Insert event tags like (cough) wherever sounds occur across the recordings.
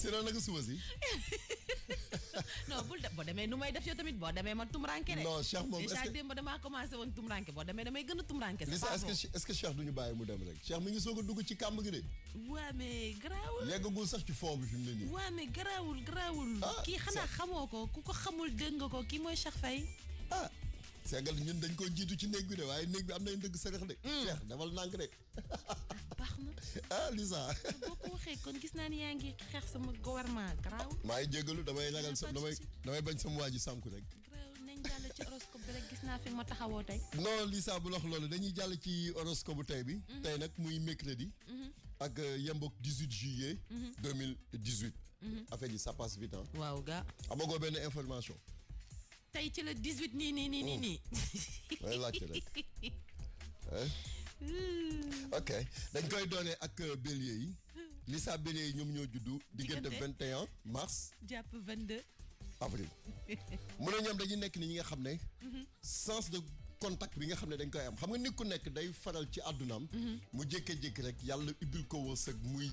si naka suba si. (laughs) non bul de boo demee nu may def yow tamit boo demee ma tumranke de. non Cheikh moom est-ce que déjà woon tumranke boo demee damay a tumranke. du ñu bàyyi mu dem rek. Cheikh mi ngi soog a dugg ci kàmb gi de. waa mais garaawul. yeggagul sax ci fond bi fi mu ne nii. waa mais garaawul garaawul. Ah, kii xanaa xamoo ko ku ko xamul dégg nga ko kii mooy Cheikh Faye. ah Ségal ñun dañ ko jiitu ci néeg bi de waaye néeg bi am nañ dëgg sërëx de. Hmm. Cheikh dafal nànk de. (laughs) na. (laughs) ah Lisa. (laughs) boo waxe kon gis na ni yaa ngi xeex sama gouvernement garaaw. may ngi damay ragal sa damay damay bañ sama waji sanku rek. garaaw nañ jàll ci horoscope rek gis na fi ma taxawo tay non Lisa bu lox loolu dañuy jall ci horoscope tay bi. Mhm. tay nak muy mercredi. Mhm. ak euh, yemboog 18 juillet. 2018. Mhm. affaire di ça passe vite hein waaw ga amago ben information. tay ci le 18 ni ni ni ni nii. may oh. laajte rek. (laughs) Hein? ok dañ koy doonee ak euh, bélier yi Lisa bélier yi ñoom ñoo juddu diggante 21 mars. jàpp 22. avril (laughs) mu ne ñoom dañuy nekk ni ñi nga xam ne. Mhm. sens de contact bi nga xam ne dañ koy am xam nga nit ku nekk day faral ci àddunaam. Mhm. mu jékki-jékki rek yàlla ubbil ko wërsëg muy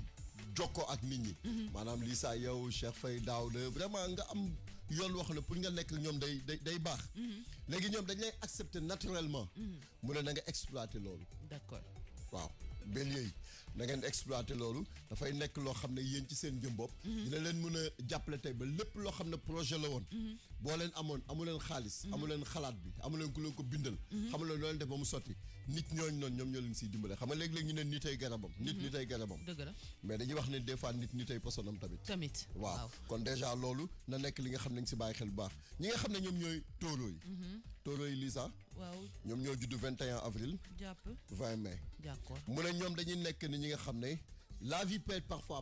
jokkoo ak nit ñi. Mhm. maanaam Lisa yow Cheikh Faye daaw de vraiment nga am. yoon wax la pour nga nekk ñoom day day day baax. Mhm. léegi ñoom dañ lay accepter naturellement. Mhm. mu ne na nga exploiter loolu. d'accord waaw benn yi na ngeen exploiter loolu dafay nekk loo xam ne yéen ci seen jëm bopp. Mhm. dina leen mën a jàppale tey ba lépp loo xam ne projet la woon. boo leen amoon amu leen xaalis amu mhm. leen xalaat bi amu leen ku leen ko bindal mhm. xam loolu def ba sotti nit ñooñu noonu ñoom ñoo leen siy dimbale xam nga léeg-léeg ñu ne nit ay garabam nit mhm. nit ay garabam mais dañuy wax ne des fois nit nit ay posonam tamit waaw kon déjà loolu na nekk li nga xam ne ñu si bàyyi xel bu baax ñi nga xam ne ñoom ñooy tóoroo yi tóoroo yi Lisa waaw ñoom ñoo juddu 21 avril jàpp 20 mai mu ne ñoom dañuy nekk ni ñi nga xam ne la vie peut être parfois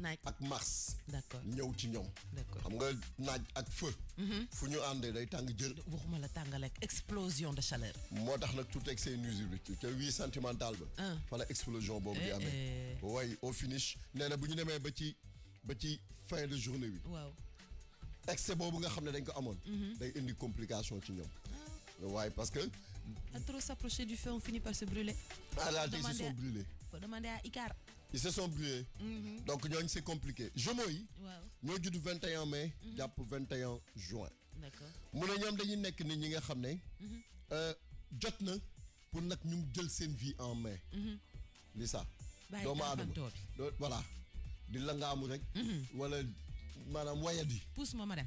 naaj ak mars. d'accord ñëw ci ñom d'accord xam nga naaj ak feu. Mhm. fu ñu àndee day tang jël waxuma la tangal ak explosion de chaleur. motax nak tout ak seen nuisibilité ca oui sentimental ba. Ah. fa la explosion bobu di eh, amee. Eh. au finish néna na bu ñu demee ba ci ba ci fin de journée bi. waaw excès bobu nga xamné ne dañ ko amone mhm. day indi complication ci ñom ah. way parce que. à trop s'approcher du feu on finit par se brûler. ah là déjà ils sont brûlés. faut demander à Icar ils se sont brûlés. Mhm. Donc, c'est compliqué. Je moï, nous sommes du 21 mai, mm pour 21 juin. D'accord. Nous avons dit que nous pour nak jël sommes vie en mai, c'est ça donc voilà di la voilà rek mhm. wala wayadi pousse moi madame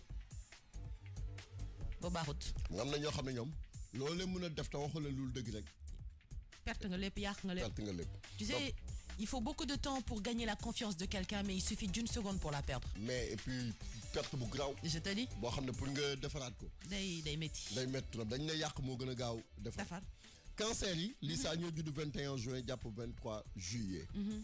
ba baaxut. am na ñoo xam ne ñoom. loolu a def te waxu la loolu dëgg rek. perte nga lépp yàq nga lépp perte nga lépp. tu sais il faut beaucoup de temps pour gagner la confiance de quelqu'un mais il suffit d'une seconde pour la perdre. mais et puis perte bu graw je te dis. boo xam ne pour nga defaraat ko. day day métti. day métti trop dañ ne yàq moo gën a gaaw. defar cancer yi. lii mhm. saa 21 juin jàpp 23 juillet. Mhm.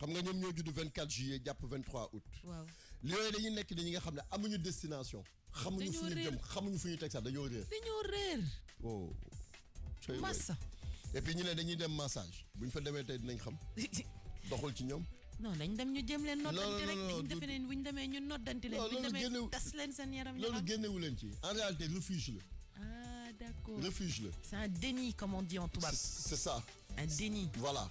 xam nga ñom ñoo 24 juillet 23 août. waaw dañuy nekk nga destination. xamuñu ñu xamuñu oh. et puis ñu ne dañuy dem massage Vous fa demee dinañ xam (laughs) doxul non dañ dem ñu jëm leen. noddante en réalité refuge la. ah d'accord refuge la. c'est un déni comme on dit en c'est ça. un déni voilà.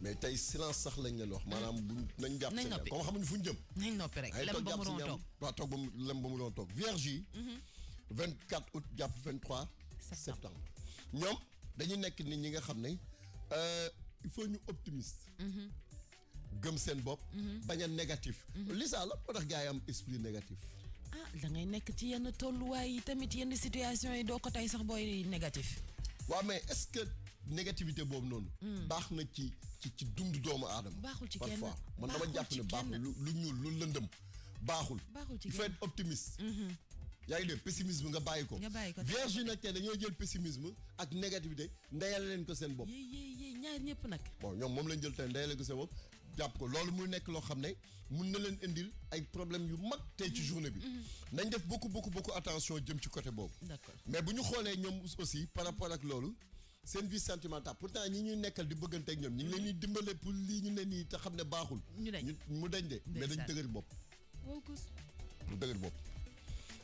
mais tay silence sax lañ leen wax maanaam buñ nañ japp seen comme xamuñ fuñ jëm nañ noppi rek lem ba mu doon tok waaw toog ba mu lem ba mu doon tok vierge 24 mhm. août japp 23 septembre ñom dañuy nekk ni ñi nga xamné euh il faut ñu optimiste mhm. gëm seen bopp mhm. bañ a négatif li saa la moo tax gars am esprit négatif ah da ngay nekk ci yenn tolluwaay yi tamit yenn situation yi doo ko tey sax booy négatif waaw mais est-ce que négativité boobu noonu. Mm. baax na ci ci ci dund doomu aadama. baaxul ci kenn parfois man dama jàpp ne baaxul lu ñuul lu lëndëm baaxul. baaxul ci il faut optimiste. Mm-hmm. yaa ngi dégg pessimisme nga bàyyi ko. nga bàyyi ko vierge yi nag dañoo jël pessimisme ak négativité ndeyal leen ko seen bopp. yéen yéen yéen ñaar ñëpp nag. bon ñoom moom lañ jël tey ndeyale ko seen bopp jàpp ko loolu muy nekk loo xam ne mun na leen indil ay problème yu mag tey ci mm-hmm. journée bi. Mm-hmm. nañ def beaucoup beaucoup beaucoup attention jëm ci côté boobu. d'accord mais bu ñu xoolee ñoom aussi par rapport ak loolu. seen vie sentimentale pourtant ñi ñuy nekkal di bëggante ak ñoom ñu ngi leen di pour lii ñu ne nii te xam ne baaxul. ñu dañ mu dañ de. mais dañ dëgër bopp. mu dëgër bopp.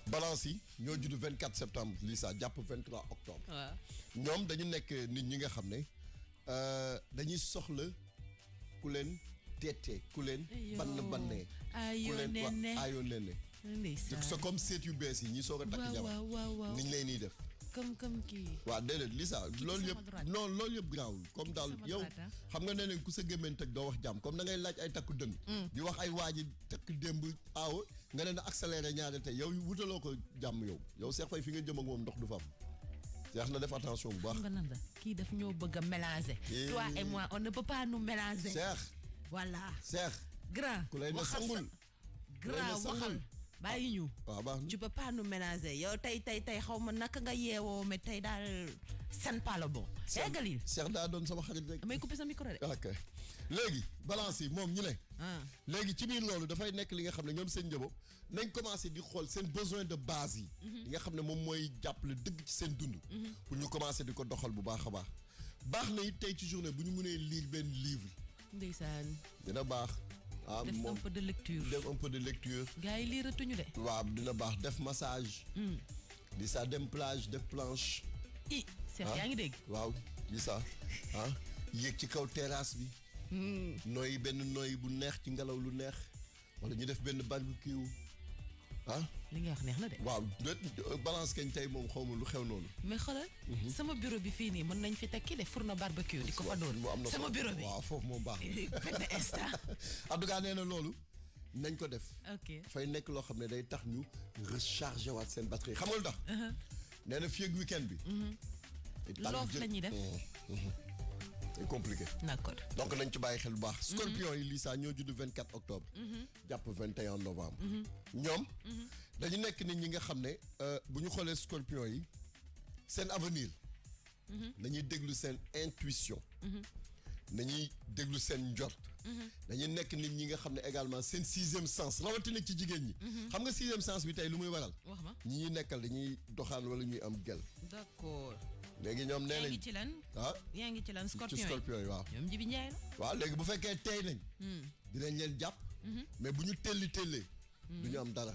balance yi ñoo judd 24 septembre lii sax jàpp 23 octobre. waaw ñoom dañu nekk nit ñi nga xam ne euh, dañuy soxla ku leen teete ku leen. bann bannee ayoo ku leen ayoo nenne. c'est comme seet yu bees yi ñi soog a takk jabar. niñ leen nii def. comme comme kii. waaw déedéet Lisa loolu yëpp non loolu yëpp garaawul comme daal yow ah. xam nga nee nañ ku sa gémmiñ teg doo wax jàmm comme da ngay laaj ay takku dënn mm. di wax ay waa ji takk démb aaw nga ne na accéléré ñaare tey yow wutaloo ko jàmm yow yow Cheikh Faye fi nga jëm ak moom ndox du fa am Cheikh na def attention bu baax. xam nga nan kii daf ñoo bëgg a mélanger. Eh. toi et moi on ne peut pas nous mélanger. Cheikh. voilà Cheikh. grand ku lay ne sangul. grand waxal. bàyyi ñu. waaw ah, ah, tu peux pas nous ménager yow tay tay tay xawma naka nga yeewoo mais dal sen pas le bon. eggalil eh, Cheikh da doon sama xarit rek. damay coupé sa micro rek ok légui balance mom moom ñu ne. Ah. léegi ci biir loolu dafay nekk li nga xamné ñom ñoom seen njaboot nañ commencé di xol sen besoin de base yi. Mhm. li nga xamné mom moy mooy jàppale dëgg ci sen dund. Mhm. pour ñu commencer di ko doxal bu baax baax. baax na it ci journée bu ñu mënee lire ben livre. ndeysane dina baax ah def un peu de lecture def un peu de lecture. gars yi tuñu de. waaw dina bax def massage. Hmm. di sa dem plage def planche. i c'est ah. yaa ngi dégg. waaw di sa ah yéeg ci kaw terrasse bi. Hmm. noy ben noy bu neex ci ngalaw lu neex. wala ñu def benn barbecue ah li nga wax neex na de. waaw balance kañ tey moom xaw lu xew noonu. mais xoolal. sama bureau bi fii nii mën nañ fi tekki de fourneau barbecue. di ko fa doon sama bureau bi waaw foofu moom baax na. benn instant. en nee na loolu. nañ ko def. ok fay nekk loo xam ne day tax ñu recharger waat seen batterie xam nga lu tax. nee na fii ak weekend bi. loof la ñuy def c'est compliqué. d'accord donc nañ ci bàyyi xel bu baax. Mhm. scorpion yi Lisa saa ñoo judd 24 octobre. Mhm. jàpp 21 novembre. Mhm. ñoom dañu nekk nit ñi nga xamné euh buñu xolé scorpion yi seen avenir. Mhm. nañuy déglu seen intuition. -hmm. nañuy déglu seen njort. Mhm. dañuy nekk nit ñi nga xamné ne également seen e sens rawatina ci jigéen ñi. Mhm. xam nga 6e sens bi tay lu muy waral. wax ma ñi nekkal dañuy doxal wala ñuy am gel. d'accord. légui ñom nee nañ ci lan. ah yaa ngi ci lan scorpion yi ci scorpion yi waaw. ñoom Jibi ñay la. waaw légui bu fekkee tay nañ. hmm di lañ leen jàpp. mais buñu ñu télé hmm. duñu am dara.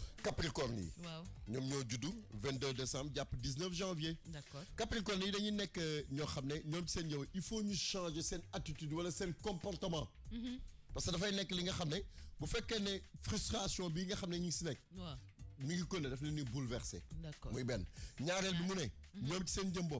capricorne Nous sommes 22 décembre 19 janvier. d'accord capricorne dañuy qu'il euh, il faut changer seen attitude ou seen comportement. Mhm. parce que dafay li nga frustration bii nga nous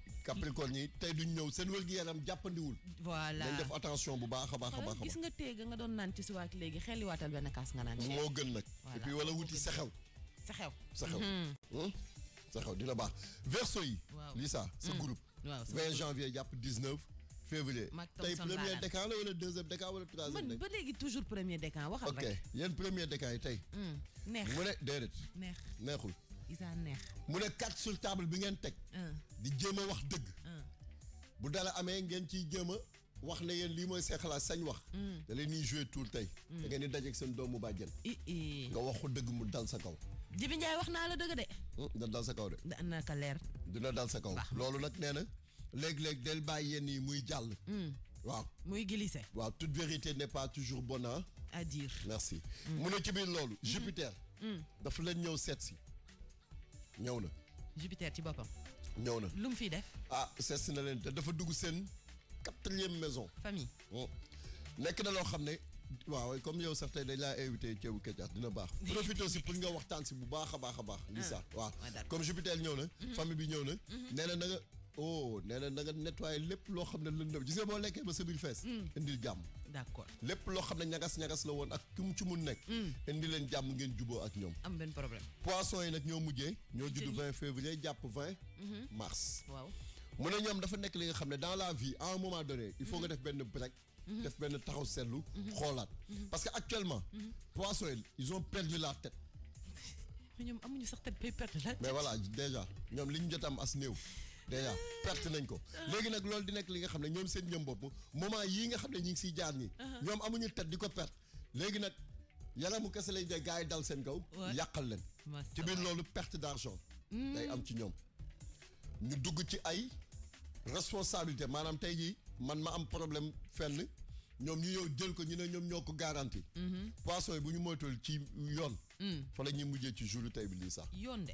Capricorne yi tey duñ ñëw seen wér gi yaram jàppandiwul. voilà dañ def attention bu baax a baax a baax. gis nga tey nga doon naan ci suba ak léegi xelli benn kaas nga naan. moo gën nag. et puis wala wuti sexew. sexew sexew. Mhm. Hmm? sexew dina baax verseau yi. waaw lii sa sa hmm. groupe. waaw janvier jàpp 19. février tey premier décan la wala deuxième décan wala troisième décan. man ba léegi toujours premier décan waxal rek. ok yéen premier décan yi tey. Hmm, neex mu ne déedéet. neex neexul. Isa neex. mu ne carte sur table bi ngeen teg. di jéem a wax dëgg. bu dala amee ngeen ciy jéem a wax ne yéen lii mooy seen xalaat sañ wax. Mm. da leen ñuy joué tuul tey. Mm. da ngeen di ak seen doomu bàjjen. nga wax ko dëgg mu dal sa kaw. Jibi Ndiaye wax naa la dëgg de. Mm, da dal sa kaw de. dina ka leer. dina dal sa kaw loolu nag nee na léeg-léeg del bàyyi yenn yi muy jàll. waaw muy glissé. waaw toute vérité n'est pas toujours bonne hein. à dire. merci mu ne ci biir loolu. Jupiter. dafa leen ñëw seet si. ñëw na. Jupiter ci boppam. ñëw na lu mu fiy def. ah seet si na leen te dafa dugg seen quatrième maison. famille. Oh. nekk na loo xam ne. waaw comme yow sax tey dañ laa invité ceebu kecax dina baax. (laughs) profité aussi pour nga waxtaan si bu baax a baax a baax. li sax ah, waaw comme Jupiter ñëw na. Mhm. famille bi ñëw na. Mhm. nee na na nga oh nee na na lépp loo xam ne lëndëm gis nga boo lekkee ba sa biir fees. Mm. indil jàmm. d'accord lépp loo xam ne ñagas-ñagas la woon ak ku ci mun nekk hmm. indi leen jàmm ngeen juboo ak ñoom am benn problème poisson yi nag ñoo mujjee ñoo judd 20 février jàpp 20 mhm. mars waaw mu ne ñoom dafa nekk li nga xam ne dans la vie à un moment donné il faut nga mhm. def benn break mhm. def benn taxaw seetlu xoolaat parce que actuellement poisson yi ils ont perdu la tête (laughs) mais ñoom amuñu sax tête bay perdre la mais voilà déjà ñoom li ñu jot am as néew déjà perte nañ ko léegi nag loolu di nekk li nga xam ne ñoom seen jëm bopp moment yi nga xam ne ñi ngi siy jaar nii uh-huh. ñoom amuñu tet di ko perte léegi nag yaramu kese lañ de gars yi dal seen kaw yàqal leen ci biir loolu perte d'argent hmm. day am ci ñoom ñu dugg ci ay responsabilité maanaam tey jii man ma am problème fenn ñoom ñu yow jël ko ñu ne ñoom ñoo ko garanti. Mm-hmm. poisson bu ñu moytuwul ci yoon mm. fa la mujjee ci jour tey bi lii sax yoon de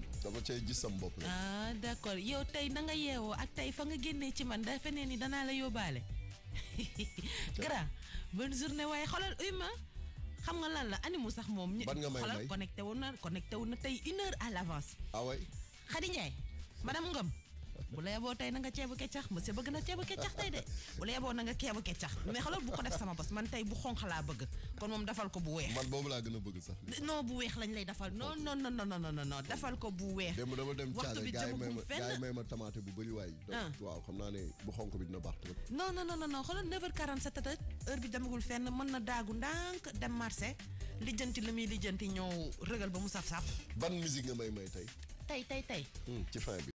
dama cay gis sam bopp ah d'accord yow tey da nga yeewoo ak tey fa nga génnee ci man dafa ne ni danaa la yóbbaale. Gara (laughs) bonne journée waaye xoolal uma xam nga lan la animu sax moom. ban nga may xoolal connecté wu na connecté wu na tey une à l'avance. ah oui Khady Ndiaye madame bu la yeboo tey na nga ceebu keccax monsieur bëgg na ceebu keccax tey de bu la yeboo na nga keccax mais bu ko def sama bos man tey bu xonq laa bëgg kon moom dafal ko bu weex man boobu laa gën a bëgg sax non bu weex lañ lay dafal non non non non non non ko bu weex démb dama dem bëri waay ah. waaw xam naa ne bu xonq bi heure bi demagul fenn mën na daagu ndànk dem marché lijjanti la muy lijjanti ñëw rëgal ba mu saf saf ban musique nga may may tey tey tey tey hmm, ci fin bi